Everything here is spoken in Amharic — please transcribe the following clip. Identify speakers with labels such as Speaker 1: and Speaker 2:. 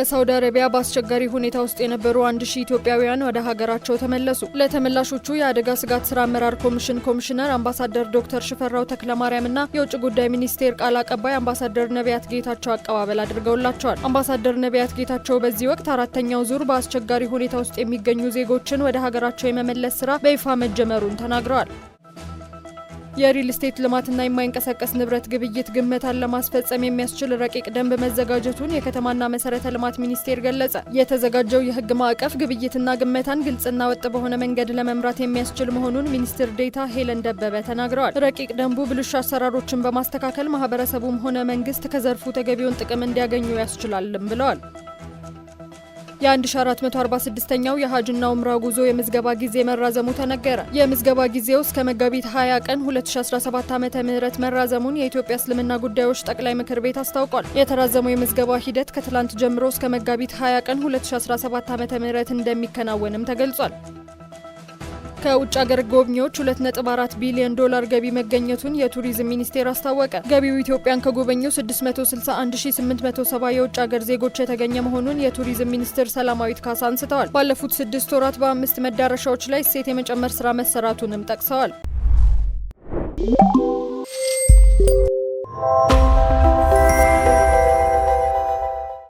Speaker 1: በሳውዲ አረቢያ በአስቸጋሪ ሁኔታ ውስጥ የነበሩ አንድ ሺህ ኢትዮጵያውያን ወደ ሀገራቸው ተመለሱ። ለተመላሾቹ የአደጋ ስጋት ስራ አመራር ኮሚሽን ኮሚሽነር አምባሳደር ዶክተር ሽፈራው ተክለማርያምና የውጭ ጉዳይ ሚኒስቴር ቃል አቀባይ አምባሳደር ነቢያት ጌታቸው አቀባበል አድርገውላቸዋል። አምባሳደር ነቢያት ጌታቸው በዚህ ወቅት አራተኛው ዙር በአስቸጋሪ ሁኔታ ውስጥ የሚገኙ ዜጎችን ወደ ሀገራቸው የመመለስ ስራ በይፋ መጀመሩን ተናግረዋል። የሪል ስቴት ልማትና የማይንቀሳቀስ ንብረት ግብይት ግመታን ለማስፈጸም የሚያስችል ረቂቅ ደንብ መዘጋጀቱን የከተማና መሰረተ ልማት ሚኒስቴር ገለጸ። የተዘጋጀው የህግ ማዕቀፍ ግብይትና ግመታን ግልጽና ወጥ በሆነ መንገድ ለመምራት የሚያስችል መሆኑን ሚኒስትር ዴታ ሄለን ደበበ ተናግረዋል። ረቂቅ ደንቡ ብልሹ አሰራሮችን በማስተካከል ማህበረሰቡም ሆነ መንግስት ከዘርፉ ተገቢውን ጥቅም እንዲያገኙ ያስችላልም ብለዋል። የ1446ኛው የሀጅና ኡምራ ጉዞ የምዝገባ ጊዜ መራዘሙ ተነገረ። የምዝገባ ጊዜው እስከ መጋቢት 20 ቀን 2017 ዓ. ም መራዘሙን የኢትዮጵያ እስልምና ጉዳዮች ጠቅላይ ምክር ቤት አስታውቋል። የተራዘመው የምዝገባ ሂደት ከትላንት ጀምሮ እስከ መጋቢት 20 ቀን 2017 ም እንደሚከናወንም ተገልጿል። ከውጭ አገር ጎብኚዎች 2.4 ቢሊዮን ዶላር ገቢ መገኘቱን የቱሪዝም ሚኒስቴር አስታወቀ። ገቢው ኢትዮጵያን ከጎበኙ 661870 የውጭ አገር ዜጎች የተገኘ መሆኑን የቱሪዝም ሚኒስትር ሰላማዊት ካሳ አንስተዋል። ባለፉት ስድስት ወራት በአምስት መዳረሻዎች ላይ እሴት የመጨመር ስራ መሰራቱንም ጠቅሰዋል።